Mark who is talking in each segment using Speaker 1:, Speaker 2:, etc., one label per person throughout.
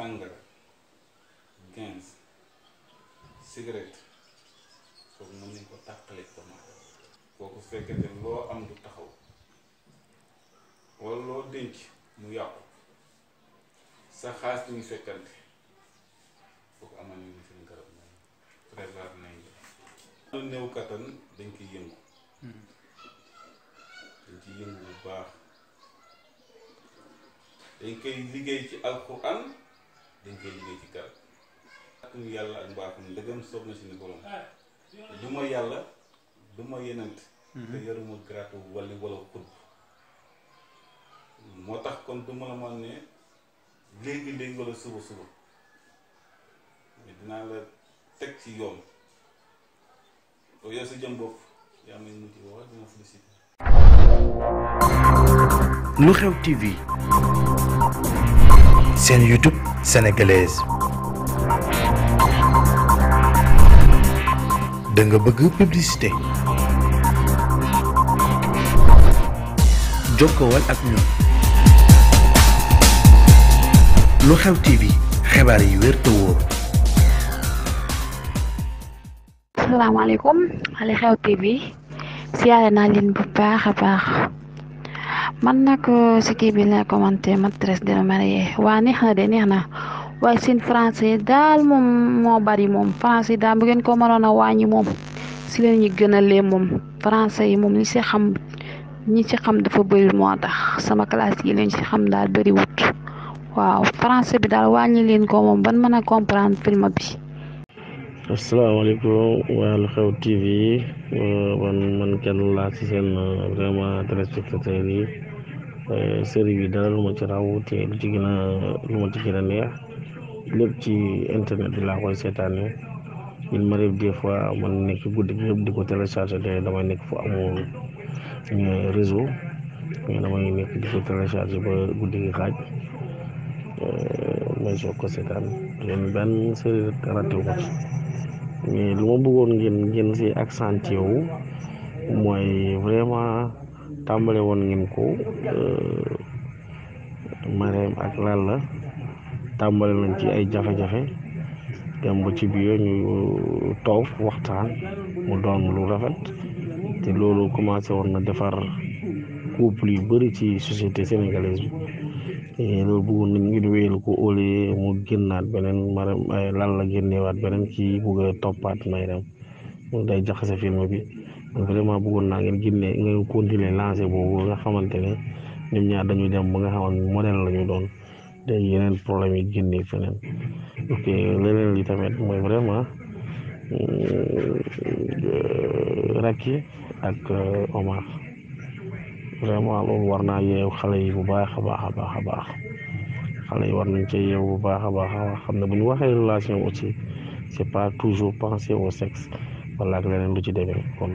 Speaker 1: sàngara quinze cigarette kooku mën nañ ko tàqale tomate kooku fekkente loo am du taxaw walla loo dénc mu yàqu sa xaas ñu fekkante kooku amal nañu seen garab nañ prévoir nañ lu néew kattan dañ koy yëngu hmm. dañ ci yëngu bu baax dañ koy liggéey ci alxuraan dañ koy liggéey ci kër akum yàlla ak mbaaxum ndëgam soob na suñu borom du ma yàlla du ma yenant mhm. te yoruma garaatu wali wala xud moo tax kon du ma la mën ne léegi léegi wala suba suba mais dinaa la teg ci yoon yow yaa sa jëm bopp yaa may mujj wax dina félicité lu xew TV seen YouTube sénégalaise da nga bëgg publicité
Speaker 2: jokkowal ak ñun lu xew TV xibaar yi wér te wóor.
Speaker 3: asalaamaaleykum Ali Xew TV siyaare naa leen bu baax a baax. man nag si kii bi la commenté maîtresse d'un marié waa neex na de neex waaye seen français daal moom moo bari moom français daal bu ngeen ko manoon a wàññi moom si leen ñu gënalee moom français yi moom ñi si xam ñi si xam dafa bëri moo tax sama classe yi leen si xam daal bëri wut waaw français bi daal wàññi leen ko moom ban mën a comprendre film bi.
Speaker 2: asalaamaaleykum waa Lu Xew TV man kenn laa ci seen vraiment téléspectateurs yi. série bi dara lu ma ci raw te lu ci gën a lu ma ci gën a neex lépp ci internet bi laa koy seetaanee il m'arrive des fois man nekk guddi gi yëpp di ko téléchargé te damay nekk fu amul euh, réseau damay nekk di ko téléchargé ba guddi gi xaaj euh, may soog ko seetaan yéen benn série raté lu ma bëggoon ngeen ngeen si accentué mooy vraiment. tàmbale woon ngeen ko euh, Marème ak Lalla tàmbale nañ ci ay jafe-jafe dem ba ci biir ñu toog waxtaan mu doon lu rafet te loolu commencé woon na defar couple yu bëri ci société sénégalaise bi loolu bëggoon nañ ngir wéyal ko au lieu mu génnaat beneen Marème Lalla génneewaat beneen kii bëgg a toppaat Marème mu day jaxase film bi. vraiment bëggoon naa ngeen génne ngeen continuer lancé boobu nga xamante ne ñoom ñaar dañu dem ba nga xamante modèle la ñu doon de yeneen problème yi génne feneen ok leneen li tamit mooy vraiment euh, Racky ak euh, Omar vraiment loolu war naa yeew xale yi bu baax a baax a baax a baax xale yi war nañ cee yeew bu baax a baax xam ne bu ñu waxee relation aussi c'est pas toujours penser au sex wala ak leneen lu ci demee kon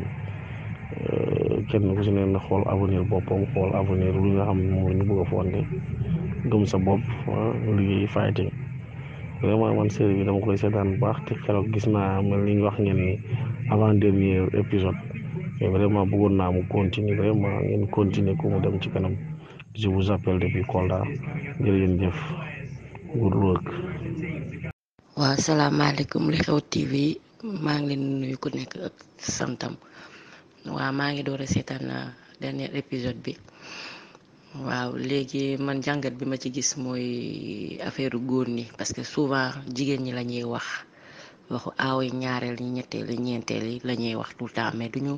Speaker 2: Euh, kenn ku si ne na xool avenir boppam xool avenir lu nga xam ne moom la ñu bëgg a fonde gëm sa bopp ah, liggéey fighting vraiment man série bi dama koy seetaan bu baax te keroog gis na mel li ñu wax ngeen ni avant dernier épisode vraiment bëggoon naa mu continuer vraiment ngeen continuer ko mu dem ci kanam je vous appelle depuis Kolda jërëjëf
Speaker 4: good work. waaw salaamaaleykum li xew TV maa ngi leen nuyu ku nekk santam. waaw maa ngi door a seetaan uh, dernier épisode bi waaw léegi man jàngat bi ma ci gis mooy affaire góor ni parce que souvent jigéen ñi la ñuy wax waxu aaw ñaareel yi ñetteel ñeenteel yi la ñuy wax tout le temps mais duñu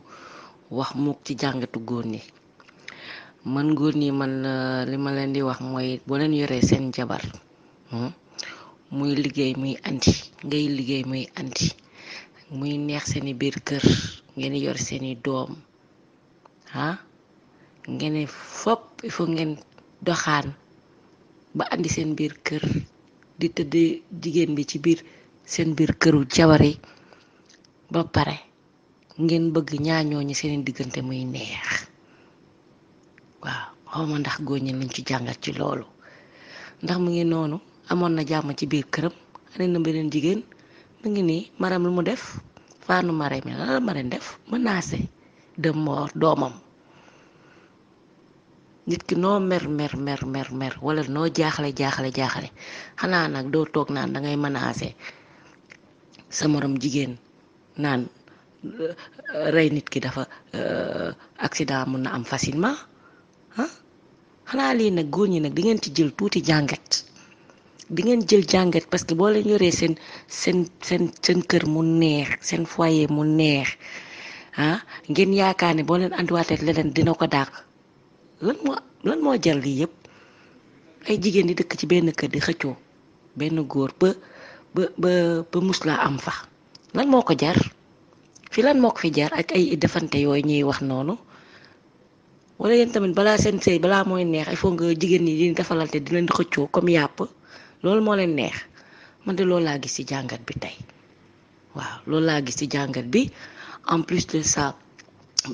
Speaker 4: wax mukk ci jàngatu góor ñi man góor ñi man uh, li ma leen di wax mooy boo leen yoree seen jabar hmm, muy liggéey muy andi ngay liggéey muy andi muy neex seeni biir kër ngeen yor seeni doom ah ngeen fopp il faut ngeen doxaan ba indi seen biir kër di tëdd jigéen bi ci biir seen biir këru jabar yi ba pare ngeen bëgg ñaañoo ñi seeni diggante muy neex waaw xawma ndax góor ñi lañ ci jàngat ci loolu ndax mu ngi noonu amoon na jàmm ci biir këram andi na beneen jigéen mu ngi nii maram lu mu def fànn mare mi lan la mareen def menacé de mort doomam nit ki noo mer mer mer mer mer noo jaaxale jaaxale jaaxale xanaa nag doo toog naan da ngay menacé sa moroom jigéen naan euh, rey nit ki dafa euh, accident mun na am facilement ah? xanaa lii nag góor ñi nag di ngeen ci jël tuuti jàngat. di ngeen jël jàngat parce que boo leen yoree seen seen seen seen kër mu neex seen foyer mu neex ah, ngeen yaakaar ne boo leen andiwaatee leneen dina ko dàq lan moo lan moo jar yëpp ay jigéen di dëkk ci benn kër di xëccoo benn góor ba ba ba ba am fa lan moo ko jar fi lan moo ko fi jar ak ay defante yooyu ñuy wax noonu wala yéen tamit balaa seen sëy balaa mooy neex il faut nga jigéen ñi di defalante di leen xëccoo comme yàpp loolu moo leen neex man de loolu laa gis ci jàngat bi tey waaw loolu laa gis ci jàngat bi en plus de sa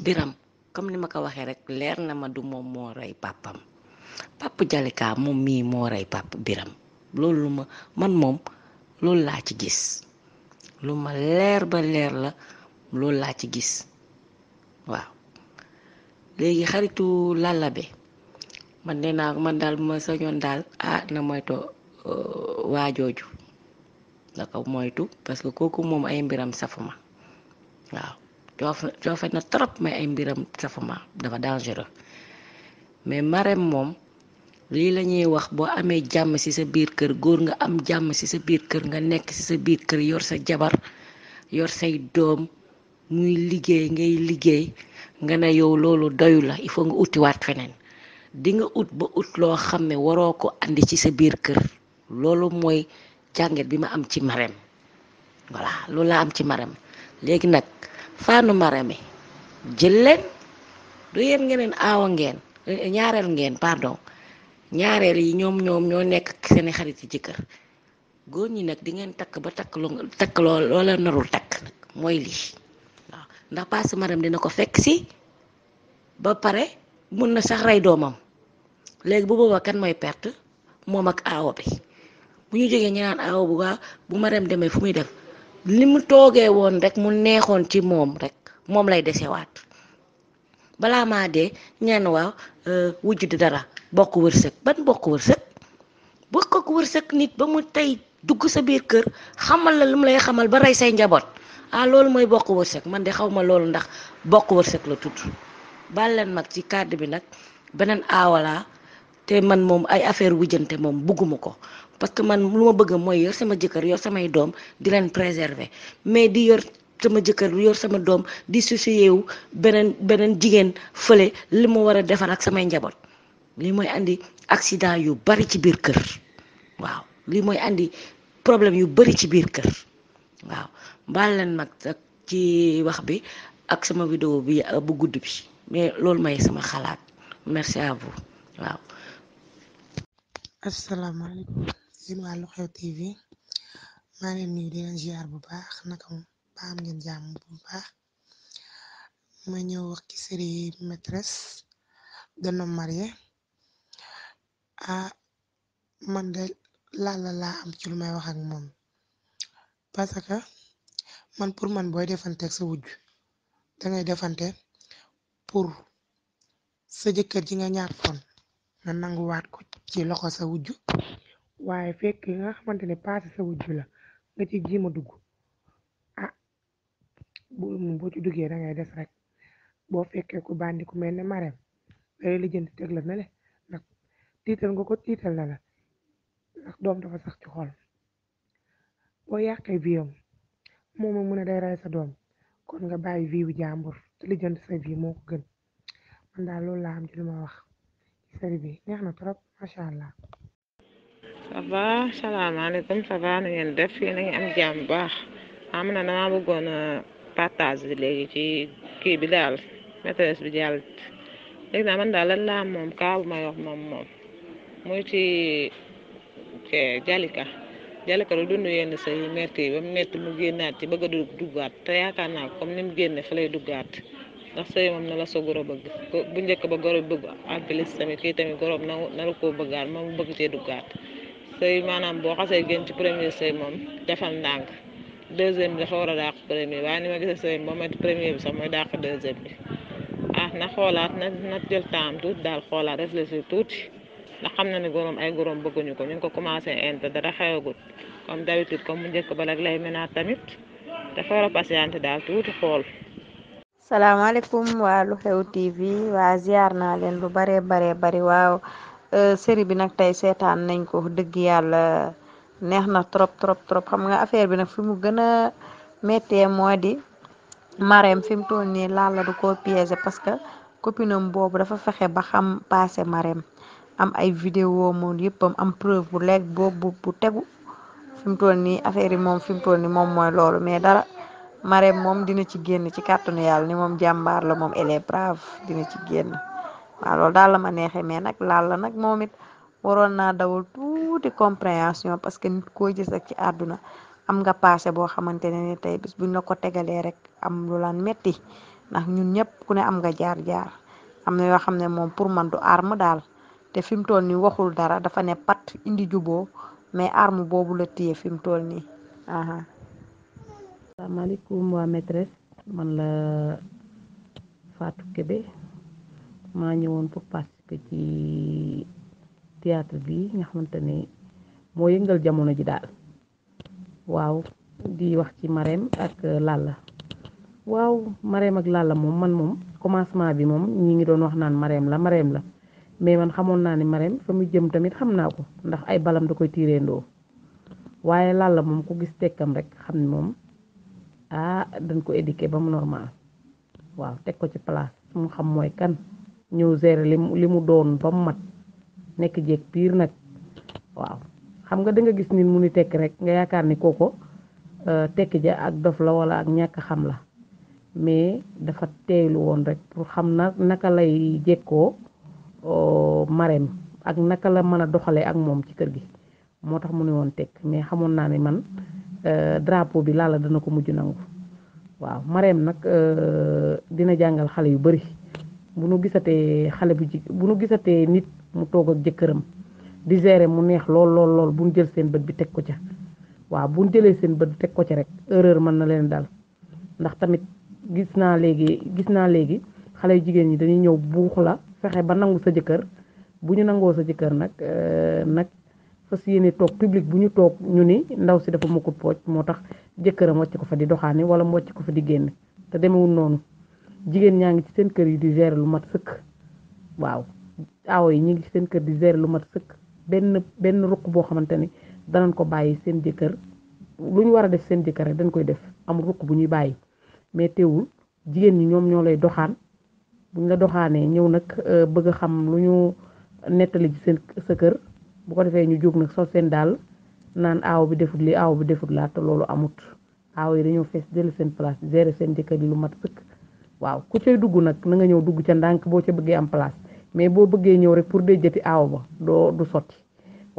Speaker 4: biram comme ni ma ko waxee rek leer na ma du moom moo rey pàppam pàpp Jalika moom mii moo rey pàpp biram loolu ma man moom loolu laa ci gis lu ma leer ba leer la loolu laa ci gis waaw léegi xaritu làllabe man nee naa man daal ma sañoon daal ah na moytoo Euh, waa jooju ko moytu parce que kooku moom ay mbiram safuma waaw coofe coofe na trop mais ay mbiram safuma dafa dangereux mais Marème moom lii lañuy wax boo amee jàmm ci sa biir kër góor nga am jàmm ci sa biir kër nga nekk ci sa biir kër yor sa jabar yor say doom muy liggéey ngay liggéey nga ne yow loolu doyu la il faut nga utiwaat feneen di nga ut ba ut loo xam ne waroo ko indi ci sa biir kër loolu mooy jànget bi ma am ci Marème voilà loolu laa am ci Marème léegi nag faanu Marème jël leen du yéen ngeen aawa ngeen eh, ñaareel ngeen pardon ñaareel yi ñoom ñoom ñoo nekk seeni xarit yi jëkkër góor ñi nag di ngeen takk ba takk loo takk narul takk mooy lii waaw ndax paas Marème dina ko fekk si ba pare mun na sax rey doomam léegi bu boobaa kan mooy perte moom ak aawo bi bu ñu jógee ñu naan awo bu baax bu Marème demee fu muy def li mu toogee woon rek mu neexoon ci moom rek moom lay desee waat balaa maa de ñaan waaw euh, wujj di dara bokk wërsëg ban bokk wërsëg bokk wërsëg nit ba mu tey dugg sa biir kër xamal la lu mu lay xamal ba rey say njaboot ah loolu mooy bokk wërsëg man de xaw ma loolu ndax bokk wërsëg la tudd baal mag ci kàddu bi nag beneen aawalaa te man moom ay affaire wujjante moom bugguma ko parce que man lu ma bëgg mooy yor sama jëkkër yor samay doom di leen préserver mais di yor sama jëkkër yor sama doom di soucier wu beneen beneen jigéen fële li ma war a defar ak samay njaboot lii mooy andi accident yu bari ci biir kër waaw lii mooy andi problème yu bari ci biir kër waaw baal leen nag ci wax bi ak sama vidéo bi euh, bu gudd bi mais loolu may sama xalaat merci à vous waaw.
Speaker 5: yéen waa Lu Xew TV maa leen nuyu di leen bu baax naka ba am ngeen jàmm bu baax ma ñëw wax ci série maîtresse d'un a ah, man de laala laa am ci may wax ak moom parce que man pour man booy defanteeg sa wujj dangay defante pour sa jëkkër ji nga ñaar foon nga nanguwaat ko ci loxo sa wujj waaye fekk nga xamante ne passé sa wujju la nga ci jéem a dugg a ah, bu moom boo ci duggee da ngay des rek boo fekkee ku bandi ku mel ne Marème day lijjanti teg la ne ndax tiital nga ko tiital na la ndax doom dafa sax ci xol boo yàqee viam moom mu ne day rey sa doom kon nga bàyyi viwu jàmbur te lijjanti sa vie moo ko gën man daal loolu laa am ci wax ci bi neex na trop macha allah.
Speaker 6: ça va salaamaaleykum ça va na ngeen def yéen a am jàmm baax am na damaa bëggoon
Speaker 7: partage bi léegi ci kii bi daal maîtresse bi jàll léegi naa man daal lan laa moom kaa bu moom moom muy ci Jalika Jalika lu dund yenn say metti ba mu metti mu génnaat ci bëgg a duggaat te yaakaar naa ko comme ni mu génne fa lay duggaat ndax sëy moom na la sa goro bu njëkk ba goro bëgg en plus tamit kii tamit gorob na la koo bëggaat moom bëgg cee duggaat sëy maanaam boo xasee génn ci premier sëy moom defal ndànk deuxième bi dafa war a dàq premier waaye ni ma gisee sëy moom it premier bi sax mooy dàq deuxième bi ah na xoolaat na na jël temps tuuti daal xoolaat réfléchir tuuti ndax xam na ne góoram ay góoram bëgguñu ko ñu ngi ko commencé inte dara xewagut comme d'habitude comme mu njëkk ba rek lay menaat tamit dafa war a patiente daal tuuti xool
Speaker 3: salaamaaleykum waa Lu Xew TV waa ziar leen lu
Speaker 8: bare bare bari waaw Eh, série bi nag tey seetaan nañ ko dëgg yàlla neex na trop trop trop xam nga affaire bi nag fi mu gën a méttee moo di Marème fi mu toll nii laal ko piéger parce que copinam am boobu dafa fexe ba xam passé Marème am ay vidéo moom yëppam am preuve bu lekk boobu bu tegu fi mu toll nii affaire yi moom fi mu toll nii moom mooy loolu mais dara Marème moom dina ci génn ci kàttanu yàlla ni moom jàmbaar la moom elle est brave dina ci génn. waaw daal la ma neexee mais nag laal la nag moomit it waroon naa dawal tuuti compréhension parce que nit koo gis ak ci àdduna am nga passé boo xamante ne ni tey bis buñ la ko tegalee rek am lu lan metti ndax ñun ñëpp ku ne am nga jaar-jaar am na yoo xam ne moom pour man du arme daal te fi mu toll nii waxul dara dafa ne pat indi juboo mais arme
Speaker 7: boobu la téye fi mu toll nii. asalaamaaleykum waa maîtresse man la Fatou Kébé. maa ñëwoon pour participer ci théâtre bi nga xamante ne moo yëngal jamono ji daal waaw di wax ci Marème ak Lalla waaw Marème ak Lalla moom man moom commencement bi moom ñi ngi doon wax naan Marème la Marème la mais man xamoon naa ni Marème fa mu jëm tamit xam naa ko ndax ay balam da koy tiireendoo waaye Lalla moom ku gis tekkam rek xam moom ah dañ ko éduquer ba mu normal waaw teg ko ci place mu xam mooy kan ñëw gérer li mu li mu doon ba mu mat nekk jeeg piir nag waaw xam nga danga gis nit mu ni tekk rek nga yaakaar ni kooko euh, tekk ja ak dof la wala ak ñàkk xam la mais dafa teeylu woon rek pour xam na naka lay jekkoo euh, mareem ak naka la mën a doxalee ak moom ci kër gi moo tax mu ne woon tekk mais xamoon naa ni man euh, drapeau bi laala dana ko mujj nangu waaw mareem nag dina jàngal xale yu bari bu nu gisatee xale bu jig bu nu gisatee nit mu toog ak jëkkëram di gérer mu neex lool lool lool bu nu jël seen bët bi teg ko ca waaw bu nu jëlee seen bët teg ko ca rek erreur mën na leen dal ndax tamit gis naa léegi gis naa léegi xale yu jigéen ñi dañuy ñëw buux la fexe ba nangu sa jëkkër bu ñu nangoo sa jëkkër nag euh, nag fas yéene toog public bu ñu toog ñu ni ndaw si dafa mukkut pooj moo tax jëkkëram wàcc ko fa di doxaani wala mu wàcc ko fa di génn te demewul noonu jigéen ñaa ngi ci seen kër yi di gérer lu mat sëkk waaw aawo yi ñu ngi ci seen kër di gérer lu mat sëkk benn benn ruq boo xamante ni danañ ko bàyyi seen jëkkër lu ñu war a def seen jëkkër rek dañ koy def amul ruq bu ñuy bàyyi mais teewul jigéen ñi ñoom ñoo lay doxaan buñ la doxaanee ñëw nag euh, bëgg a nettali ci seen sa kër bu ko defee ñu jóg nag sol seen daal naan aaw bi defut li aaw bi defut laa loolu amut aaw yi dañoo fees jël seen place gérer seen jëkkër yi lu mat sëkk waaw ku cay dugg nag na nga ñëw dugg ca ndànk boo ca bëggee am place mais boo bëggee ñëw rek pour déjjati aaw ba doo du sotti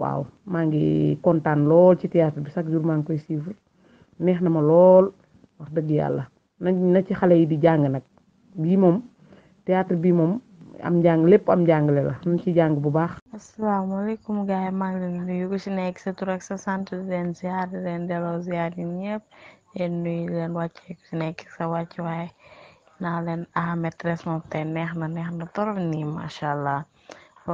Speaker 7: waaw maa ngi kontaan lool ci théâtre bi chaque jour maa ngi koy suivre neex na ma lool wax dëgg yàlla nañ na ci xale yi di jàng nag bii moom théâtre bi moom am njàng lépp am njàngale la nañ ci jàng bu baax
Speaker 9: asalaamaaleykum gars yi maa ngi leen ci nekk sa tur sa sant di leen ziar di leen delloo ziar yi ñëpp leen nuyu leen wàccee ku ci nekk sa wàcc waaye naa leen a maîtresse moom tey neex na neex na torop nii macha allah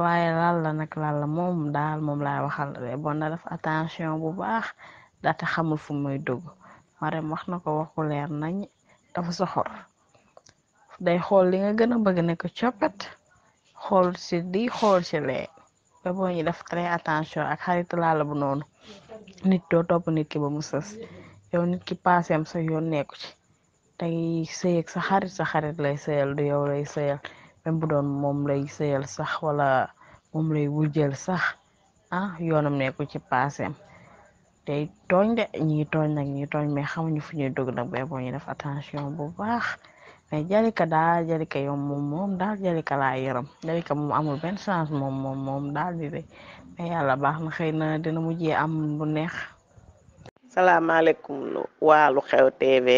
Speaker 9: waaye la nag la moom daal moom laay waxal bon na def attention bu baax daate xamul fu muy dugg Marème wax na ko waxu leer nañ dafa soxor day xool li nga gën a bëgg ne ko coppet xool ci di xool ci lee ba boo ñu def très attention ak xarit lalla bu noonu nit doo topp nit ki ba mu sës yow nit ki paaseem sa yoon nekku ci tey sëy ak sa xarit sa xarit lay sëyal du yow lay sëyal même bu doon moom lay sëyal sax wala moom lay wujjal sax ah yoonam nekku ci paaseem te tooñ de ñii tooñ nag ñii tooñ mais xamuñu fu ñuy dugg nag bay boo ñu attention bu baax mais jalika daal jalika yow moom moom daal jalika laa yaram jalika moom amul benn chance moom moom moom daal bi de mais yàlla baax na xëy na dina mujjee am bu neex.
Speaker 7: salaamaaleykum waa Lu Xew TV.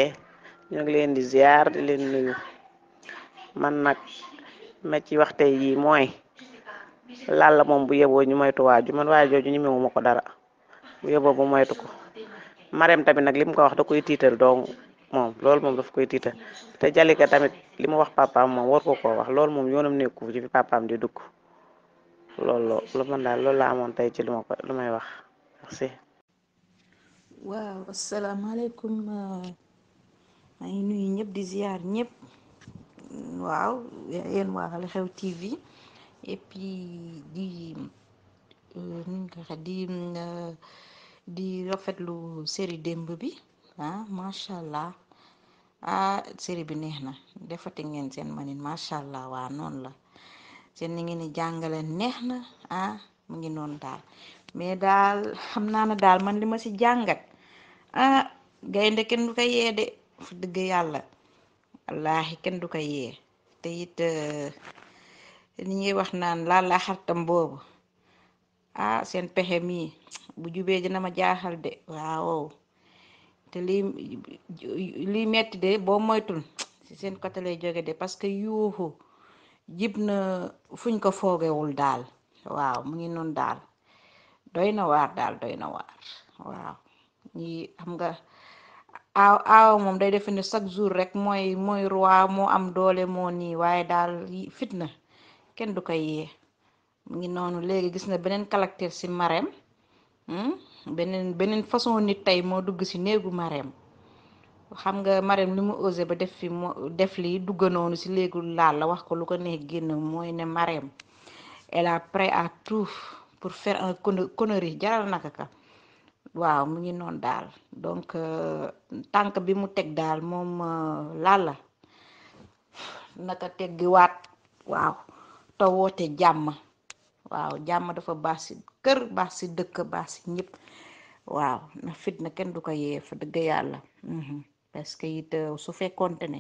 Speaker 7: ñu ngi leen di ziar di leen nuyu man nag ma ci waxte yi mooy Lalla moom bu yeboo ñu moytu waaju man waa jooju ñu mewu ko dara bu yeboo bu moytu ko Marème tamit nag li mu ko wax da koy tiital dong moom loolu moom daf koy tiital te Jalika tamit li mu wax papaam moom war ko koo wax loolu moom yoonam nekku ci fi papaam di dugg loolu lu man daal la amoon tey ci lu ma ko lu may wax merci
Speaker 8: waaw asalaamaaleykum euh, maa ngi ñëpp di ziar ñëpp waaw yéen waa Xew TV et puis di euh, nuñ di euh, di rafetlu série démb bi ah macha allah ah série bi neex na defati ngeen seen manin macha allah waa noonu la seen ni ngeen di jàngale neex na ah mu ngi noonu daal mais daal xam naa ne daal man li ma si jàngat ah, gaynde kenn du ko yee de wax dëgg yàlla wallaahi kenn du ko yee te it ni euh, ñuy wax naan laala xartam boobu ah seen pexe mii bu jubee dina ma jaaxal de waaw te lii lii metti de boo moytul si seen côté lay jóge de parce que yuuxu jib na fuñ ko foogewul daal waaw mu ngi noonu daal doy na waar daal doy na waar waaw ñi xam nga aaw aaw moom day defe ne chaque jour rek mooy mooy roi moo am doole moo nii waaye daal fitna kenn du ko yee mu ngi noonu léegi gis na beneen caractère ci Marème hmm? beneen beneen façon nit tey moo dugg ci néegu Marème xam nga Marème li mu ose ba def fi def li dugga noonu ci léegu laal la wax ko lu ko neex génn mooy ne Marème elle est prête à tout pour faire un connerie jaral naka ka waaw mu ngi noon daal donc euh, tànk bi mu teg daal moom euh, Lalla naka teggiwaat waaw te woote jàmm waaw jàmm dafa baax ci kër baax ci dëkk baax si ñëpp waaw na fitna kenn du ko yee fa dëgg yàlla mhm. parce que it euh, su fekkoonte ne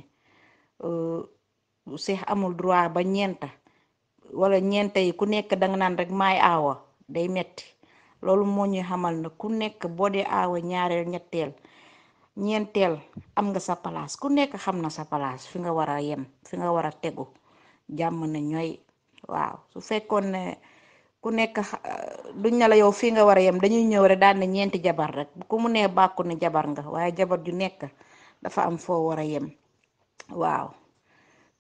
Speaker 8: seex amul droit ba ñeenta wala ñeenta yi ku nekk danga naan rek maay aawa day metti loolu moo ñuy xamal na ku nekk boo dee aawa ñaareel ñetteel ñeenteel am nga sa palaas ku nekk xam na sa palaas fi nga war a yem fi nga war a tegu jàmm na ñooy waaw su fekkoon ne ku nekk eh, duñ ne la yow fii nga war a yem dañuy ñëw rek daan ñeenti jabar rek ku mu bàkku ne jabar nga waaye jabar ju nekk dafa am foo war a yem waaw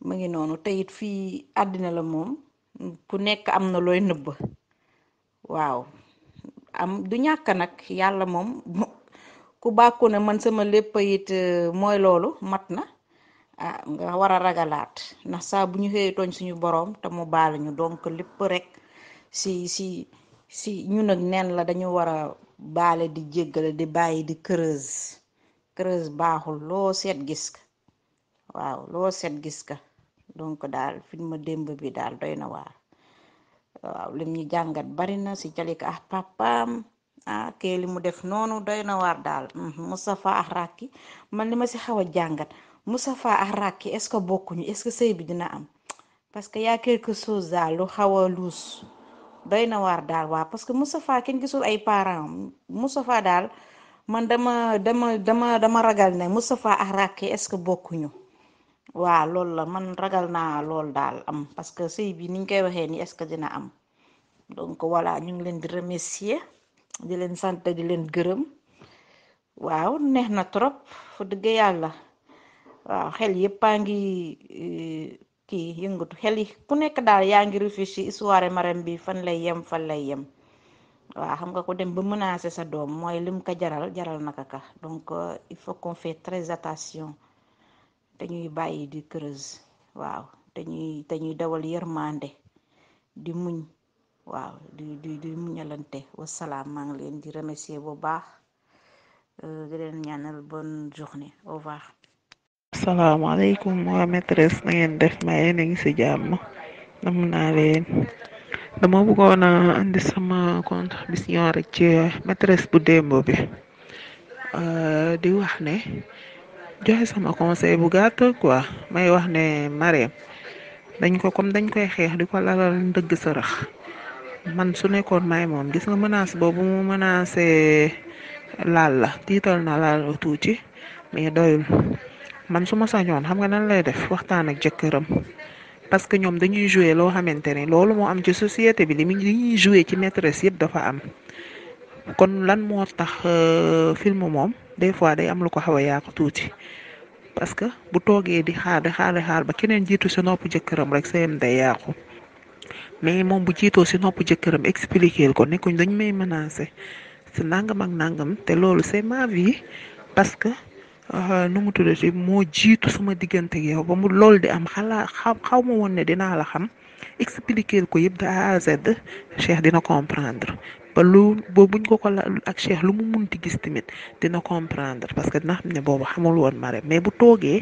Speaker 8: mu ngi noonu te fii àddina la moom ku nekk am na looy nëbb waaw am du ñàkk nag yàlla moom ku bàkku na man sama lépp it euh, mooy loolu mat na ah nga war a ragalaat ndax saa bu ñu xëyee tooñ suñu borom te mu baal ñu donk lépp rekk si si si ñu nag neen la dañu war a baale di jéggale di bàyyi di creuse creuse baaxul loo seet gis ka waaw loo seet gis ka donc daal ma démb bi daal doy na waa waaw lim ñu jàngat bari na si Jalika a papaam ah li mu def noonu doy na waar daal hmm, Moustapha ak Racky man li ma si xaw a jàngat Moustapha ak Racky est ce bokkuñu est ce sëy bi dina am parce que yaa quelque chose daal lu xaw a luus doy na waar daal waaw parce que Moustapha kenn gisul ay parent Moustapha daal man dama dama dama dama ragal ne Moustapha ak Racky est ce que bokkuñu. waa loolu la man ragal na lool daal am parce que sëy bi niñ koy waxee ni est-ce que dina am donc voilà ñu ngi leen di remercier di leen sant di leen gërëm waaw neex na trop fu dëgg yàlla waaw xel yëpp a ngi e, kii yëngatu xel yi ku nekk daal yaa ngi réfléchir histoire Marème bi fan lay yem fan lay yem waa xam nga ko dem ba menacer sa doom mooy lim ko jaral jaral naka ka donc euh, il faut qu'on fait très attention te ñuy bàyyi di creuse waaw te ñuy dawal yërmande di muñ waaw di di di muñalante wasalaam maa ngi leen di remercier bu baax euh, di leen ñaanal bonne journée au revoir.
Speaker 10: asalaamaaleykum waa maîtresse na ngeen def ma yéen a ngi leen dama bëggoon a indi sama contribution rek ci maîtresse bu dembo bi euh, di wax ne. joxe sama conseil bu gàtt quoi may wax ne Marème dañ ko comme dañ koy xeex di ko lalal ndëgg sërëx man su nekkoon may moom gis nga menace boobu mu menacé laal la tiital na laal la tuuti mais doyul man su ma sañoon xam nga nan lay def waxtaan ak jëkkëram parce que ñoom dañuy jouer loo xamante ne loolu moo am ci société bi li muy li jouer ci maîtresse yëpp dafa am kon lan moo tax euh, film moom. de fois day am lu ko xaw a yàqu tuuti parce que bu toogee di xaar di xaar ba keneen jiitu si noppu jëkkëram rek sëyam day yàqu mais moom bu jiitoo si noppu jëkkëram expliquer ko nekkuñ dañ may menacer si nangam ak nangam te loolu c'est ma vie parce que euh, nu mu tuddati moo jiitu suma diggante ak yow ba mu lool di am xalaa xaw ma woon ne dinaa la xam expliquer ko yëpp de A à Z Cheikh dina comprendre ba lu ba ko ko laal ak Cheikh lu mu munti gis tamit dina comprendre parce que dina xam ne boobu xamul woon Marème mais bu toogee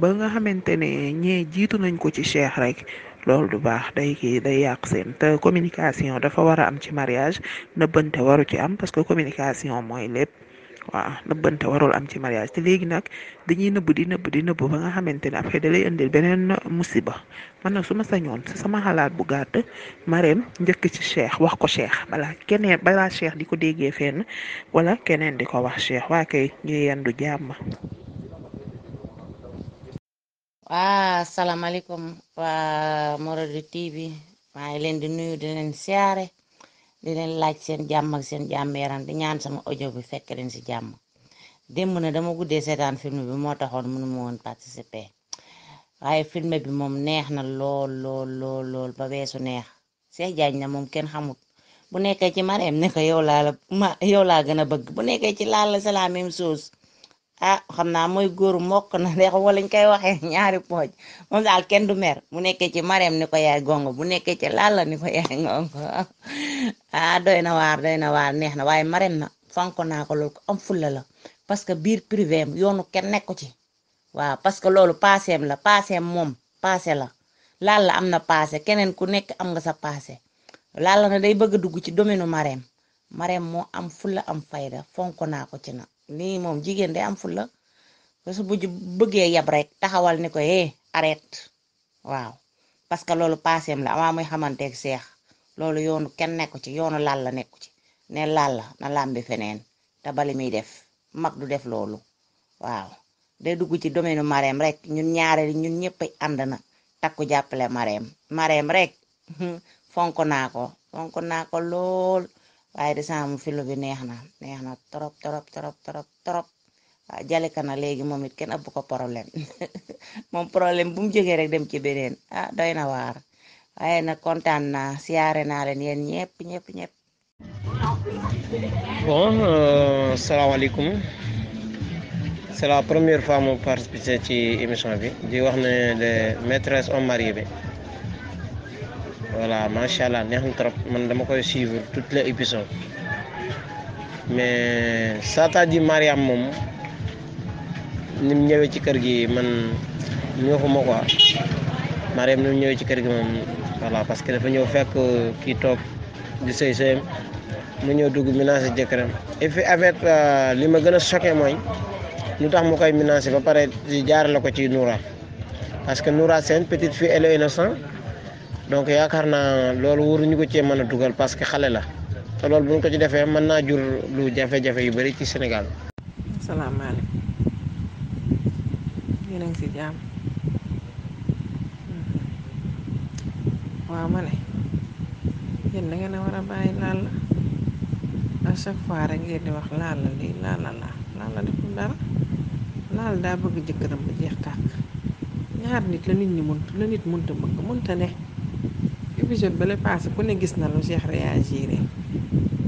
Speaker 10: ba nga xamante ne ñee jiitu nañ ko ci Cheikh rek lool du baax day kii day yàq seen te communication dafa war a am ci mariage na nëbbante waru ci am parce que communication mooy lépp. waaw nëbbante warul am ci mariage te léegi nag dañuy nëbb di nëbb di nëbb ba nga xamante ne après da lay indil beneen musiba man nag su ma sañoon si sama xalaat bu gàtt mareem njëkk ci cheikh wax ko cheikh balaa keneen balaa cheikh di ko déggee fenn wala keneen di ko wax cheikh waa kay ñu yendu jàmm.
Speaker 11: waa salaamaaleykum waa Marodi TV maa leen di nuyu di leen di leen laaj seen jàmm seen jàmm yaram di ñaan sama ojo bi fekk leen si jàmm démb na dama guddee seetaan film bi moo taxoon mënu ma woon participer waaye film bi moom neex na lool lool lool ba weesu neex Cheikh Diagne na moom kenn xamut bu nekkee ci Marème ne yow laa la ma yow laa gën a bëgg bu nekkee ci laal la c'est la même ah xam naa mooy góoru mokk na de xaw ma lañ koy waxee ñaari pooj moom daal kenn du mer bu nekkee ci mareem ni ko yaay gongo bu nekkee ci lalla ni ko yaay gongo ah doy na waar doy na waar neex na waaye mareem na fanko naa ko loolu ko am fulla la parce que biir privé yoonu kenn nekku ci waaw parce que loolu paaseem la paaseem moom paase la lalla am na paase keneen ku nekk am nga sa laal la na day bëgg a dugg ci domaine mareem mareem moo am fulla am fayda fonko naa ko ci na lii moom jigéen day am fulla parce que bu bëggee yab rek taxawal ni ko eh arrête waaw parce que loolu paaseem la avant muy xamanteeg seex loolu yoonu kenn nekku ci yoonu laal la nekku ci ne laal la na làmbi feneen te bali muy def mag du def loolu waaw day dugg ci domaine mareem rek ñun ñaare ñun ñëpp ànd na takku jàppale mareem mareem rek fonk naa ko fonk naa ko lool waaye desaan mu film bi neex na neex na trop trop trop trop trop waaw Jalika na léegi moom it kenn ëpp ko problème moom problème bum mu jógee rek dem ci beneen ah doy na waar waaye nag kontaan na siyaare naa leen yéen ñëpp ñëpp ñëpp.
Speaker 6: bon euh, salaamaaleykum première fois mu ci émission bi di wax ne les bi. voilà macha allah neex na trop man dama koy suivre toutes les épisodes mais saata ji Mariam moom ni ñëwee ci kër gi man ñëwuma quoi Mariam ni mu ñëwee ci kër gi moom voilà parce que dafa ñëw fekk kii toog di sëy sëyam mu ñëw dugg menacer jëkkëram et puis avec euh, li ma gën a choqué mooy lu tax mu koy menacer ba pare jaarale ko ci Noura parce que Noura seen petite fille elle est donc yaakaar naa loolu waruñu ko cee mën a dugal parce que xale la te loolu buñ ko ci defee mën naa jur lu jafe-jafe yu bari ci Sénégal.
Speaker 12: salaamaaleykum yéen a ngi si jàmm waaw ma ne yéen da ngeen a war a bàyyi laal la à chaque fois rek ngeen di wax laal la lii laal la laal laal la deful dara daa bëgg jëkkëram ba jeex tàkk ñaar nit la nit ñi mënut la nit mënut a bëgg a ne. épisode bale passé ku ne gis na lu Cheikh réagir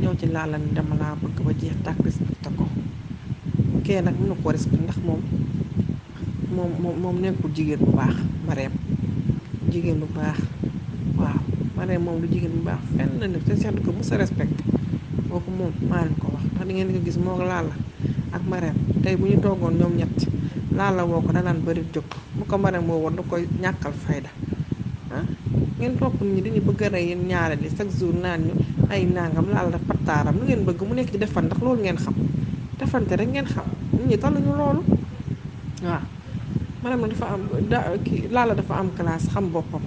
Speaker 12: ñëw ci laala ni dama laa bëgg ba jeex tàkk respecté ko kee nag mënu ko respecté ndax moom moom moom moom nekkul jigéen bu baax mareem jigéen bu baax waaw mareem moom lu jigéen bu baax fenn la nekk te Cheikh du ko mës a respecté kooku moom maa leen ko wax ndax ngeen ngeen ko gis moo laala ak mareem tey bu ñu toogoon ñoom ñett laala woo ko danaan bëri jóg bu ko mareem woo woon da koy ñàkkal fayda ah. ngeen topp ñi dañu bëgg a rey yéen ñaareel yi chaque jour naan ñu ay nangam laal def pattaaram lu ngeen bëgg mu nekk ci defan ndax loolu ngeen xam defante rek ngeen xam nit ñi taluñu loolu waaw maanaam dafa am da kii laala dafa am classe xam boppam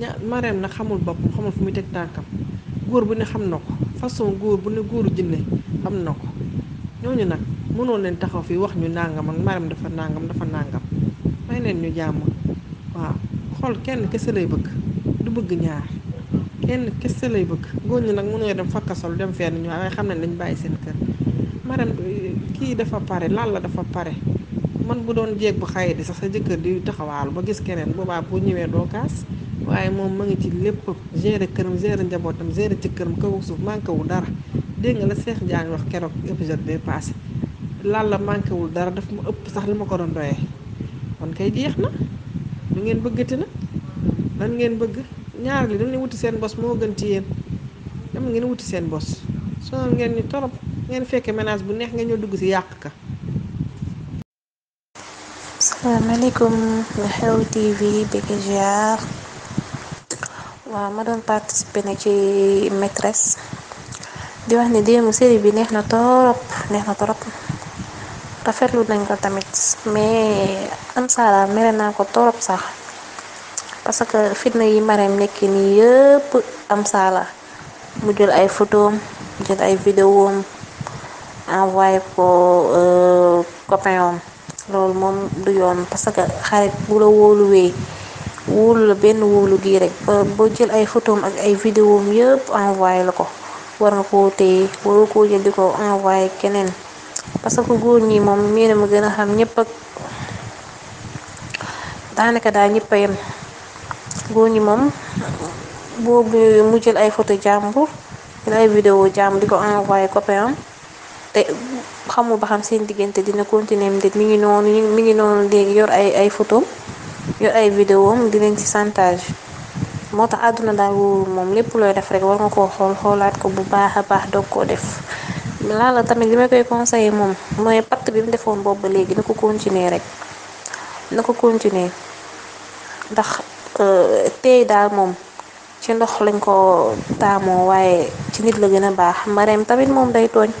Speaker 12: ña mareem na xamul boppam xamul fu muy teg tànkam góor bu ne xam na ko façon góor bu ne góoru jinne xam na ko ñooñu nag mënoon leen taxaw fii wax ñu nàngam ak mareem dafa nangam dafa nàngam may leen ñu jàmm waaw xool kenn kese lay bëgg bëgg ñaar kenn kese lay bëgg góor ñi nag mënuñoo dem fakkasalu dem fenn ñu waaye xam nañ dañ bàyyi seen kër maram kii dafa pare lan la dafa pare man bu doon jéeg bu xaye di sax sa jëkkër di taxawaalu ba gis keneen boobaa boo ñëwee doo kaas waaye moom ma ngi ci lépp gérer këram gérer njabootam gérer ci kër këram kaw suuf manqué wu dara dégg nga la Seex Jaan wax keroog épisode bi passé lan la manqué wul dara daf ma ëpp sax li ma ko doon doyee kon kay jeex ñaar li dañuy wuti seen bos moo gën ci yéen dama ngeen wuti seen bos sonal ngeen ñu torop ngeen fekkee ménage bu neex nga ñoo dugg si yàq ka
Speaker 3: salaamaaleykum Lu Xew TV bëgg ma doon participer nag ci maîtresse di wax ni démb série bi neex na torop neex na torop rafetlu nañ ko tamit mais am mere naa ko torop sax parce que fitna yi Marème nekk nii yëpp am mu jël ay photoom jël ay vidéoom envoyé ko euh, copain loolu moom du yoon parce que xarit bu wóoluwee wóolu la benn wóolu gii rek boo jël ay photoom ak ay vidéoom yëpp envoyé la ko war nga téye waroo koo jël di ko envoyé keneen parce que góor ñi moom mii ma gën a xam ñëpp ak daanaka daal ñëpp a góor ñi moom boobu mu jël ay photo jàmbur jël ay vidéo jàmbur di ko envoyé copain am te xamul ba xam seen diggante dina continuer am déet mi ngi noonu mi ngi noonu léegi yor ay ay photo yor ay vidéo am di leen ci chantage moo tax àdduna daal wóorul moom lépp looy def rek war nga koo xool xoolaat ko bu baax a baax doog koo def laala tamit li ma koy conseillé moom mooy patt bi mu defoon boobu ba léegi na ko continuer rek na ko continuer ndax. Euh, tey daal moom ci ndox lañ ko taamoo waaye ci nit la gën a baax mareem tamit moom day tooñ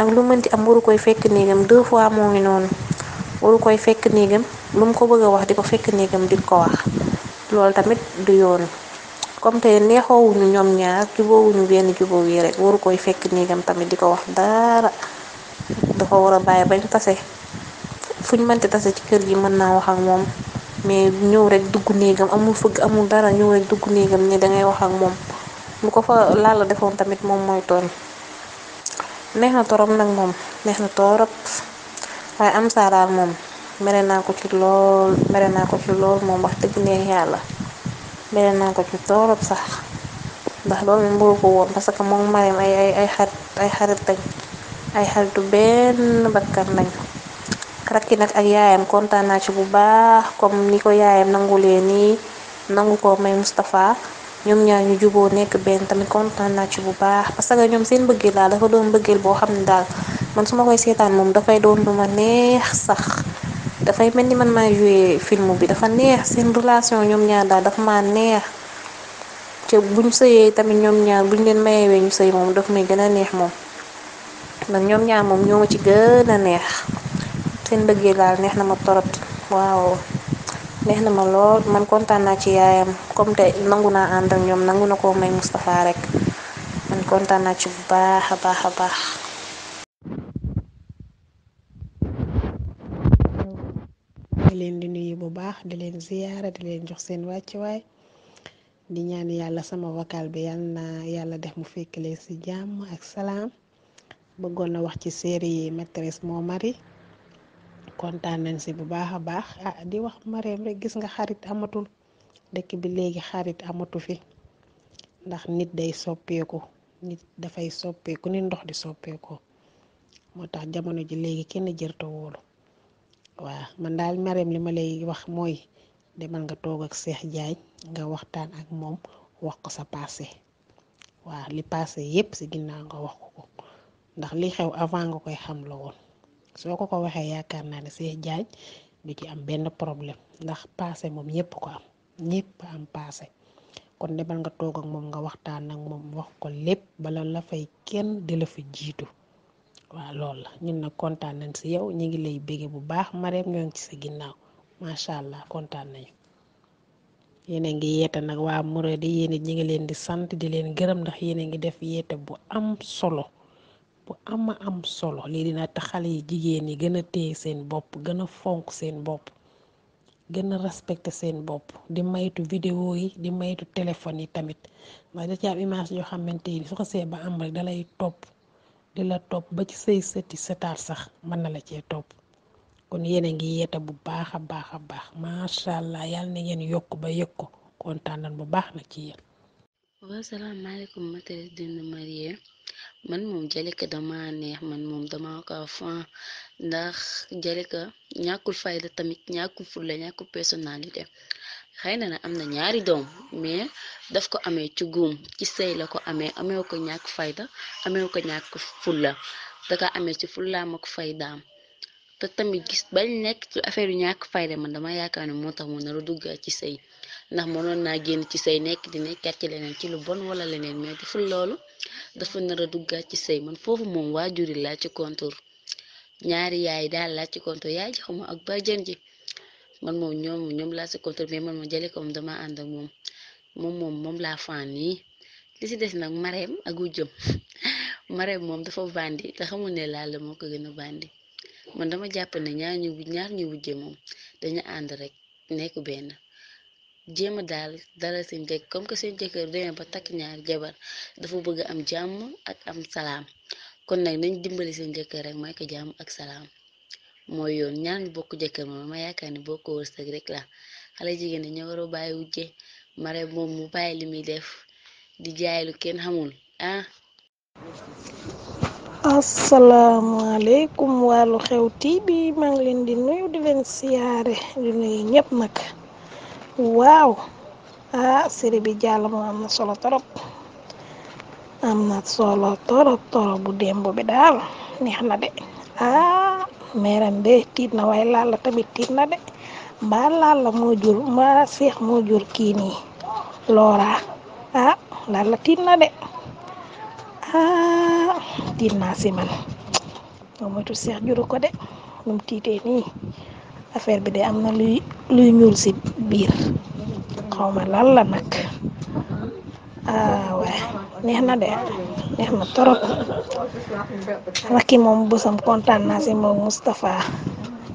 Speaker 3: ak lu mënti am waru koy fekk néegam deux fois moo ngi noonu waru koy fekk néegam lu ko bëgg a wax di ko fekk néegam di ko wax loolu tamit du yoonu comme tey neexoowuñu ñoom ñaar juboowuñu benn juboo yi rek waru koy fekk néegam tamit di ko wax dara dafa war a bàyyi bañ tase fuñ mënti tase ci kër gi mën naa wax ak moom mais ñëw rek dugg néegam amul fëgg amul dara ñëw rek dugg néegam ni dangay wax ak moom lu ko fa lal defoon tamit moom mooy tooñ neex na torop nag moom neex na torop waaye am saa daal moom mere naa ko ci lool naa ko ci lool moom wax dëgg neex yàlla mere naa ko ci torop sax ndax loolu moom mburu ko woon parce que moom Marème ay ay ay xarit ay xarit lañ ay xaritu benn bakkan lañ rakki nag ak yaayam kontaan naa ci bu baax comme ni ko yaayam nangulee nii nangu ko may Moustapha ñoom ñaar ñu juboo nekk benn tamit kontaan naa ci bu baax parce que ñoom seen bëggeel daal dafa doon bëggeel boo xam ne daal man su ma koy seetaan moom dafay doon lu ma neex sax dafay mel ni man maa joué film bi dafa neex seen relation ñoom ñaar daal dafa maa neex te bu sëyee tamit ñoom ñaar bu ñu leen mayewee ñu sëy moom dafa may gën a neex moom man ñoom ñaar moom ñoo ci gën a neex. seen bëggee daal neex na ma torop waaw neex na ma lool man kontaan naa ci yaayam comme te nangu naa ànd ñoom nangu na ko may Moustapha rek man kontaan naa ci bu baax a baax a baax.
Speaker 13: di leen di nuyu bu baax di leen ziyaara di leen jox seen wàccuwaay di ñaan yàlla sama vocal bi yal na yàlla def mu fekk leen ci jàmm ak salaam bëggoon na wax ci série Maîtresse moo mari kontaan nañ si bu baax a baax ah, di wax Marème rek gis nga xarit amatul dëkk bi léegi xarit amatu fi ndax nit day soppeeku nit dafay soppeeku ni ndox di soppeeku moo tax jamono ji léegi kenn jërta wóolu waaw man daal Marème li ma lay wax mooy demal nga toog ak Cheikh Diagne nga waxtaan ak moom wax ko sa passé waaw li passé yépp si ginnaaw nga wax ko ndax li xew avant nga koy xam la woon soo ko ko waxee yaakaar naa ne Cheikh Diagne du ci am benn problème ndax passé moom ñëpp ko am ñëpp am passé kon demal nga toog ak moom nga waxtaan nag moom wax ko lépp bala la fay kenn di la fa jiitu waa lool la ñun nag kontaan nañ si yow ñu ngi lay bége bu baax Marème ñoo ngi ci sa ginnaaw macha allah kontaan nañu yéen a ngi yeete nag waa Mouride yéen it ñu ngi leen di sant di leen gërëm ndax yéen a ngi def yeete bu am solo. bu ama am solo lii dina tax xale yi jigéen yi gën a téye seen bopp gën a fonk seen bopp gën a respecté seen bopp di maytu vidéo yi di maytu téléphone yi tamit ndax da ci am image yoo xamante ni su ko see ba am rek dalay topp di la topp ba ci say sëti sëtaat sax mën na la cee topp kon yéen a ngi yeta bu baax a baax a baax macha allah yàlla na ngeen yokk ba yëg ko kontaan bu baax na ci yéen.
Speaker 14: man moom Jalika dama neex man moom dama ko fan ndax Jalika ñàkkul fayda tamit ñàkkul fulla ñàkkul personnalité xëy na nag am na ñaari doom mais daf ko amee ci guum ci sëy la ko amee amee ko ñàkk fayda amee ko ñàkk fulla da ko amee ci fullaam ak faydaam te tamit gis ba nekk ci affaire yu ñàkk fayda man dama yaakaar ne moo tax mu nar a dugg ci sëy ndax moo mënoon naa génn ci sëy nekk di nekkat ci leneen ci lu bon wala leneen mais deful loolu dafa nar a duggaat ci sëy man foofu moom waajuri laa ci kontur ñaari yaay daal laa ci kontur yaay ji xawma ak bàjjen ji man moom ñoom laa si kontur mais man ma jële moom dama ànd ak moom laa faan nii li ci des nag mareem ak wujjam mareem moom dafa bandi te xamul ne laal la moo ko gën a man dama jàpp ne ñaar ñu ñaar ñu wujje moom dañu ànd rekk nekk benn jéema daal dara seen jëkk comme que seen jëkkër demee ba takk ñaar jabar dafa bëgg am jàmm ak am salaam kon nag nañ dimbali seen jëkkër rek may ko jàmm ak salaam mooy yoon ñaan bokk jëkkër moom ma yaakaar ni bokk wërsëg rek la xale jigéen ñi war a bàyyi wujje mare moom mu bàyyi li muy def di jaay kenn xamul ah
Speaker 15: asalaamaaleykum wàllu xew tv maa leen di nuyu di leen siyaare di nuyu ñëpp nag waaw ah série bi jàll mo am na solo torop am na solo torop torop bu démb bi daal neex na de ah meeram de tiit na waaye laal la tamit tiit na de mbaa laal la moo jur seex moo jur kii nii looraa ah laal la tiit na de ah tiit naa si man moom moytu seex juru ko de num tiitee nii affaire bi de am na luy ñuul si biir xawma ma la nag ah, waaye neex na de neex na torop rakki moom bësam kontaan naa si moom Moustapha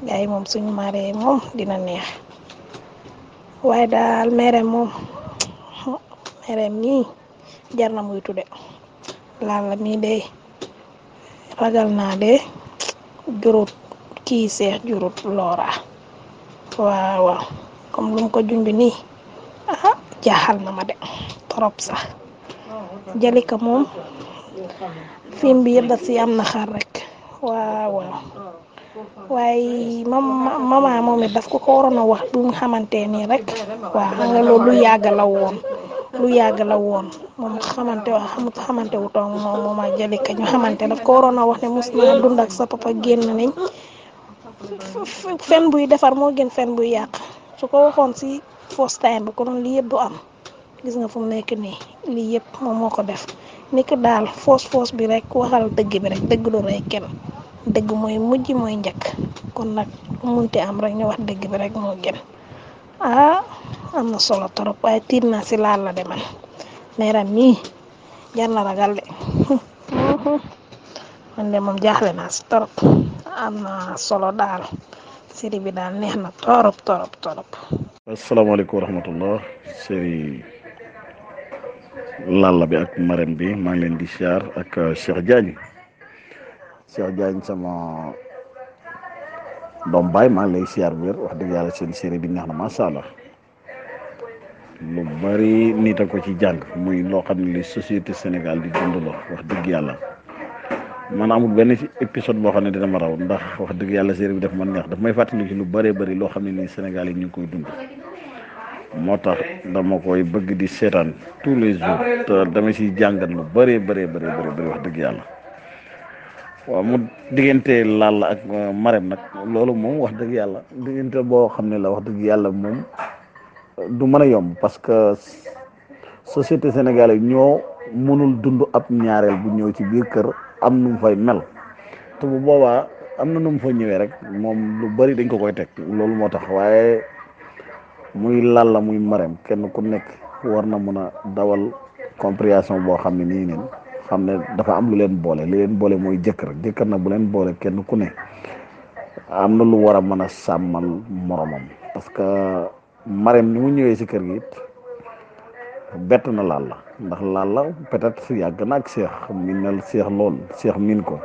Speaker 15: gars yi moom suñu maree moom dina neex waaye daal mere moom mere mii jar na muy tudde laal la de ragal naa de juróot kii seex jurut loora waaw waaw comme ko junj nii aha jaaxal na ma de trop sax jalika moom film bi yëpp da si am na xar rek waaw waaw waaye mama moom it daf ko ko waroon a wax bi xamante nii rek waaw lu yàgg la woon lu yàgg la woon moom xamante waa xamante wu toog moom mooma jalika ñu xamante daf ko waroon a wax ne mus naa dund ak sa papa génn nañ fen buy defar moo gën fen buy yàq su ko waxoon si first time bi konoon lii yëpp du am gis nga fu mu nekk nii lii yëpp moom moo ko def ni daal foos foos bi rek waxal dëgg bi rek dëgg du rey kenn dëgg mooy mujj mooy njëkk kon nag lu munti am rek ñu wax dëgg bi rek moo gën ah am na solo trop waaye tiit na si laal la de man neeram mii jar na si trop. am na solo daal série bi daal neex na torop torop torop
Speaker 1: asalaamaaleykum wa rahmatullah série Lalla bi ak Marème bi maa ngi leen di siyaar ak euh, Cheikh Diagne Cheikh sama doom baay maa ngi lay siyaar bu wér wax dëgg yàlla seen série bi neex na macha allah lu bari nit ko ci jàng muy loo xam ne Sénégal di dund wax dëgg yàlla man amul benn ci épisode boo xam ne dina ma raw ndax wax dëgg yàlla série bi daf ma neex daf may fàttali lu bare bëri loo xam ne nii Sénégal yi ñu ngi koy dund moo tax dama koy bëgg di seetaan tous les jours dama ci jàngat lu bëree bëree bëri bëri wax dëgg yàlla waaw mu diggante laal ak euh, Marème nag moom wax dëgg yàlla diggante boo xam ne la wax dëgg yàlla moom euh, du mën a yomb parce que société sénégalaise ñoo mënul dund ab ñaareel bu ñëw ci biir kër. am nu mu fay mel te bu boobaa am na nu mu fa ñëwee rek moom lu bari dañ ko koy teg loolu moo tax waaye muy lalla muy marem kenn ku nekk war na mën a dawal compréhension boo xam ne nii neen xam ne dafa am lu leen boole li leen boole mooy jëkkër jëkkër na bu leen boole kenn ku ne am na lu war a mën a sàmmal moromam parce que marem ni ñëwee si kër gi it bett na lalla ndax Lalla peut-être yàgg na ak seex miinal seex lool seex miin ko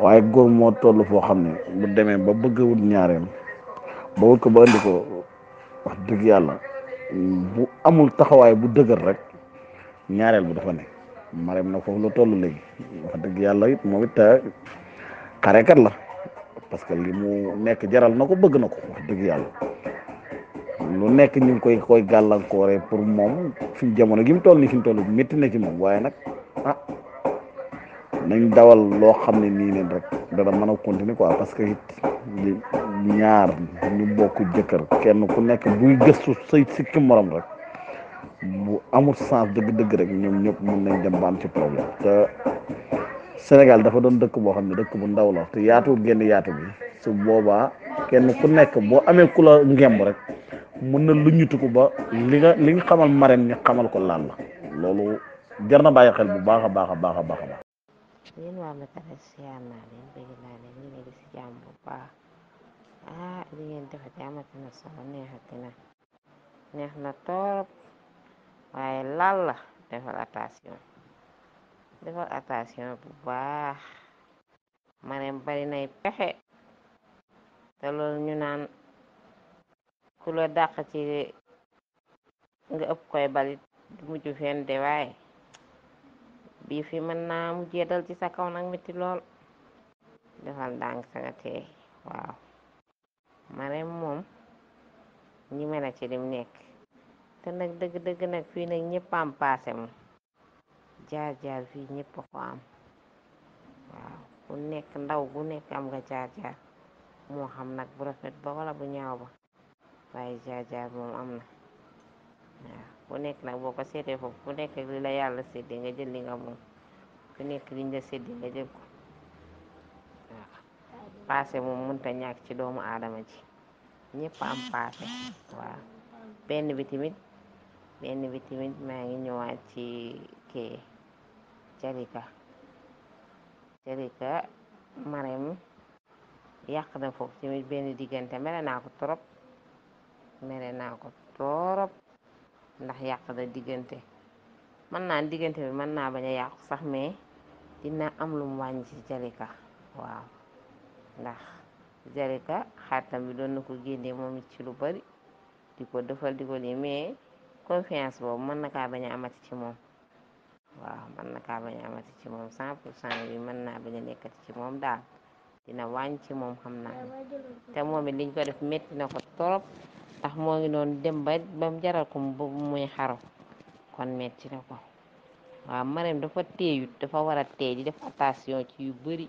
Speaker 1: waaye góor moo toll foo xam ne bu demee ba bëgg wut ñaareel ba wut ko ba andi ko wax dëgg yàlla bu amul taxawaay bu dëgër rek ñaareel bu dafa ne mareem na foofu la toll léegi wax dëgg yàlla it moom it euh, xarekat la parce que li mu nekk jaral na ko bëgg na ko wax dëgg yàlla lu nekk ñu ngi koy koy gàllankooree pour moom fi jamono gi mu toll nii fi mu toll métti na ci moom waaye nag ah nañ dawal loo xam ne nii leen rek dana man a ko quoi parce que it ñaar ñu bokk jëkkër kenn ku nekk buy gëstu say sikki morom rek bu amul sens dëgg-dëgg rek ñoom ñëpp mën nañ dem am ci problème te dafa doon dëkk boo xam ne dëkk bu ndaw la te yaatu génn yaatu bi su boobaa kenn ku nekk boo amee ku la ngemb rek. mun na lu ñu tukku ba li nga li nga xamal marraine ni xamal ko laal la loolu jar na bàyyi xel bu baax a baax a baax a baax a baax.
Speaker 16: yéen waa Makarant siyaar naa leen bëgg si jàmm bu baax ah li ngeen defati na solo neexati na neex na torop waaye laal la defal attention defal attention bu baax marraine bari nay pexe te loolu ñu naan. ku la dàq ci nga ëpp koy balit du mujj fenn de bii fi mën naa mujjee dal ci sa kaw nag metti lool defal ndànk sa nga waaw Marème moom ñi mën a ci lim nekk te nag dëgg-dëgg nag fii nag ñëpp am paase moom jaar-jaar fii ñëpp ko am waaw ku nekk ndaw gu nekk am nga jaar-jaar moo xam nag bu rafet ba wala bu ñaaw ba waaye jaar jaar moom am na waaw ku nekk nag boo ko seetee foofu ku nekk li la yàlla séddee nga jël li nga moom ku nekk liñ la séddee nga jël ko waaw passé moom ñàkk ci doomu aadama ji ñëpp am passé benn bi tamit benn bi tamit maa ngi ñëwaat ci kii Jalika Jalika Marème yàq na foofu tamit benn diggante mel naa ko trop mere naa ko torop ndax yàq na diggante mën naa diggante bi mën naa bañ a yàqu sax mais dina am lu mu wàññi ci Jalika waaw ndax Jalika xaritam bi doon na ko génnee moom ci lu bari di ko defal di ko lii mais confiance boobu mën na kaa bañ a amati ci moom waaw mën na kaa bañ a amati ci moom cent pour cent bi mën na bañ a nekkati ci moom daal dina wàññi ci moom xam naa te moom liñ ko def métti na ko torop ndax moo ngi doon dem ba ba mu jaral muy xaru kon metti ko waaw Marème dafa teeyut dafa wara a teey di def attention ci yu bëri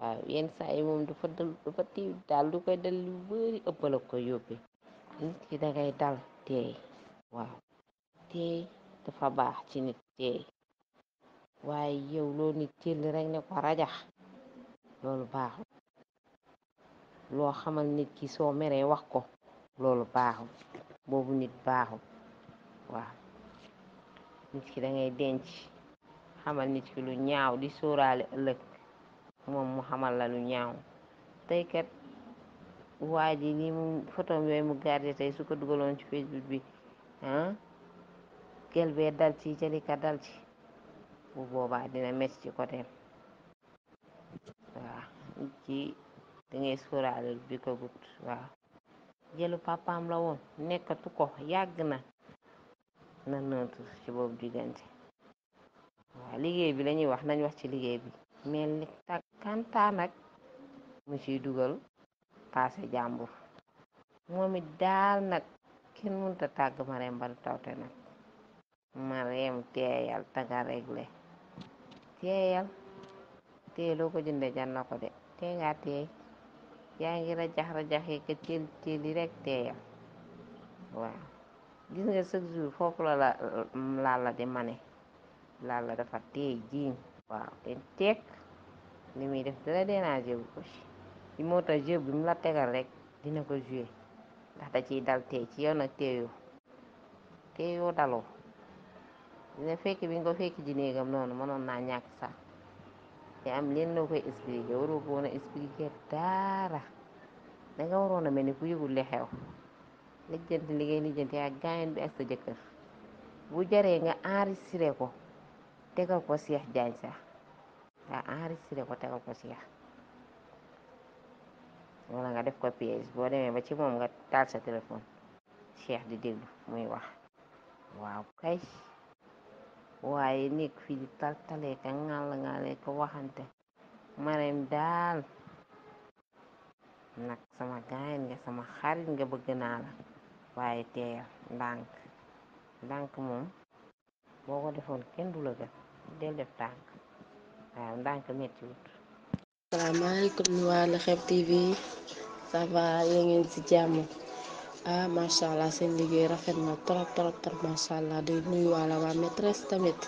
Speaker 16: waaw yenn saa moom dafa teeyut daal lu koy dal yu bëri ëppala ko yóbbe nit ki dangay dal teey waaw teey dafa baax ci nit teey waaye yow loo nit jël rek ne ko rajax loolu baax loo xamal nit ki soo meree loolu baaxul boobu nit baaxul waaw nit ki da denc xamal nit ki ñaaw di sóoraale ëllëg moom mu xamal la lu ñaaw tey kat waa ji nii mu photom yooyu mu gardé tey su ko dugaloon ci Facebook bi ah gel bee dal ci jalika dal ci bu boobaa dina metti ci côté waaw nit ki da ngay sóoraale bi ko gut waaw jëlu papaam la woon nekkatu ko yàgg na na nëntu ci boobu diggante liggéey bi lañuy wax nañ wax ci liggéey bi mel ni takkantaa nag mu ciy dugal paase jàmbur moom it daal nag kenn munta tàgg mareem ba tawte nag mareem teeyal tanga regle teeyal teey loo ko jënde jan ko de tey nga yaa ngi rajax rajaxee ka téel téel rek teeya waaw gis nga chaque jour foofu la la la di mane laal la dafa teey jiiñ waaw te teeg li muy def dara déranger wu ko ci li moo tax mu la tegal rek dina ko jouer ndax da ciy dal teey ci yow nag teeyoo teeyoo daloo dina fekk bi nga ko fekk ji néegam noonu mënoon naa ñàkk sax e am lennoo koye expliqué wori ko wono expliqué daara danga waroon a mel ni ku yëgul li xew lijjanti li ngay lijjanti ak gaayen bi ak sa jëkkër bu jaree nga enregistré ko tegal ko Cheikh Diagne sax nga enregistré ko tegal ko Cheikh wala nga def ko piège boo demee ba ci moom nga taal sa téléphone Cheikh di déglu muy wax waaw kay waaye nekk fi di taltaleeka ŋàll ŋaale ko waxante mareem daal nag sama gaayeen nga sama xarit nga bëgg naa la waaye teeyal ndànk ndànk moom boo ko defoon kenn du la gën del def tànk waaw ndànk metti wut salaamaaleykum
Speaker 17: waa Lu TV ça va yéen ngeen ci ah macha allah seen liggéey rafet na trop trop macha allah day nuyu waala waa maîtresse tamit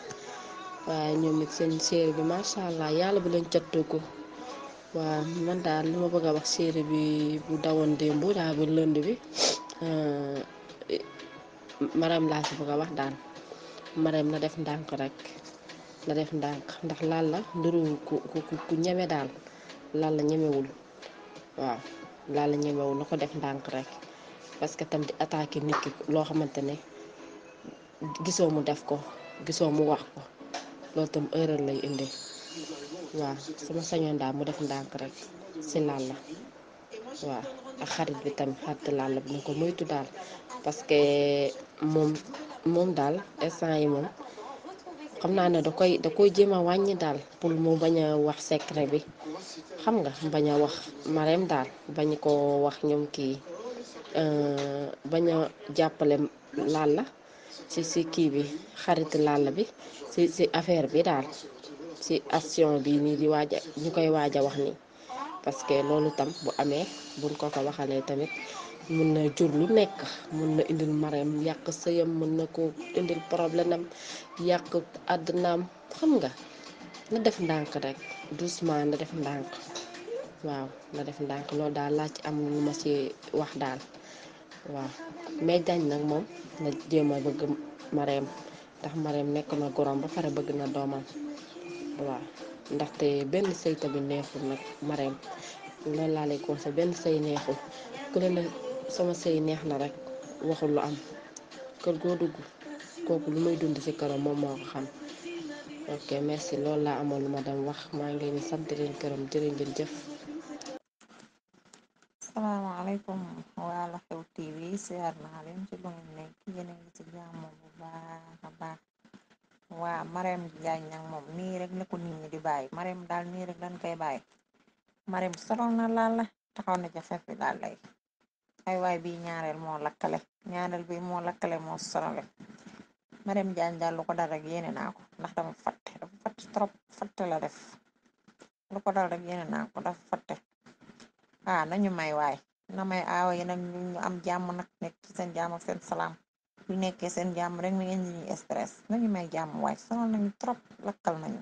Speaker 17: waaye ñoom it seen macha allah yàlla bu leen cattiku waaw daal li ma bëgg a wax série bi bu dawoon démb lënd bi ah, laa si bëgg a wax daan maram na def ndànk rek na def ndànk ndax laal la nduru ku ku ñeme daal laal la ñemewul waaw laal la ñemewul na ko def ndànk rek. parce que tam di attaqué nit ki loo xamante ne gisoo mu def ko gisoo mu wax ko loolu tam erreur lay indi waaw sama sañoon daal mu def ndànk rek si Lalla waaw ak xarit bi tam xarit Lalla bi na ko moytu daal parce que moom daal instant yi moom xam naa ne da koy da koy jéem a wàññi daal pour mu bañ a wax secret bi xam nga bañ a wax mareem daal bañ koo wax ñoom kii Euh, bañ a jàppale Lalla ci si kii bi xaritu Lalla bi si si affaire bi daal si action bi nii di waaj ñu koy waaj a wax ni parce que loolu tam bu amee buñ ko ko waxalee tamit mun na jur lu nekk mun na indil mareem yàq sëyam mun na ko indil problème am yàq àddunaam xam nga na def ndànk rek doucement na def ndànk waaw na def ndànk loolu daal laa am lu ma ci wax daal. waaw mais dañ nag moom na jéem a bëgg mareem ndax mareem nekk na gorom ba pare bëgg na doomam waaw ndaxte benn sëy tamit neexul nag mareem loolu laa lay conseil benn sëy neexul ku leen sama sëy neex na rek waxul lu am kër goo dugg kooku lu may dund ci këram moom moo ko xam ok merci loolu laa amoon lu ma dem wax maa ngi leen di sant leen këram jëriñ ngir jëf
Speaker 11: asalaamaaleykum waa Lu Xew TV siyaar naa leen ci bu ngeen nekk yéen a bu baax a baax waa Marème Diagne nag moom nii rek la ko nit ñi di bàyyi Marème daal nii rek dañ koy bàyyi Marème solol na laal la taxaw na ca fefi daal lay ay waay bi ñaareel moo lakkale ñaareel bi moo lakkale moo solole Marème Diagne daal lu ko dal rek yéene naa ko ndax dama fatte dafa fatte trop fatte lu ko dal rek yéene naa ko dafa fatte ah nañu may waay namay aawa yi nag ñu am jàmm nag nekk ci seen jàmm ak salaam bu nekkee seen jàmm rek mi indi ñu stress nañu may jàmm waay sonal nañu trop
Speaker 3: lakkal nañu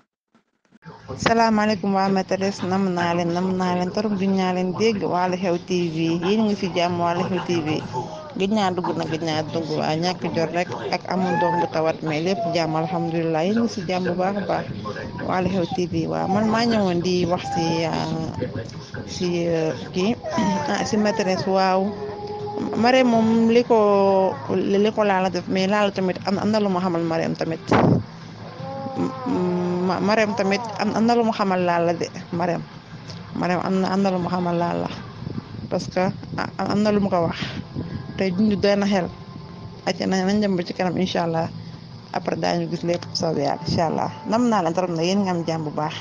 Speaker 12: salaamaaleykum waa maîtresse nam naa leen nam naa leen trop du ñaa leen dégg Lu Xew TV yéen ngi ci jàmm Lu Xew TV gëj naa dugg nag gëj naa dugg waaye ñàkk jot rek ak amul doom bu tawat mais lépp jàmm alhamdulilah yéen ngi si jàmm bu baax a baax waa Xew TV waaw man maa ñëwoon wax si ah, si euh, kii ah, waaw Marème moom li laala def mais laala tamit am na lu ma xamal Marème tamit Marème tamit am na lu ma xamal laala de Marème Marème am na am na lu ma xamal laala parce que ah, am na lu mu ko wax. tey dund doy na xel acca nañ dem ba ci kanam incha allah après daañu gis lépp soobee yàlla incha allah
Speaker 8: nam naa la trop na yéen nga am jàmm bu baax.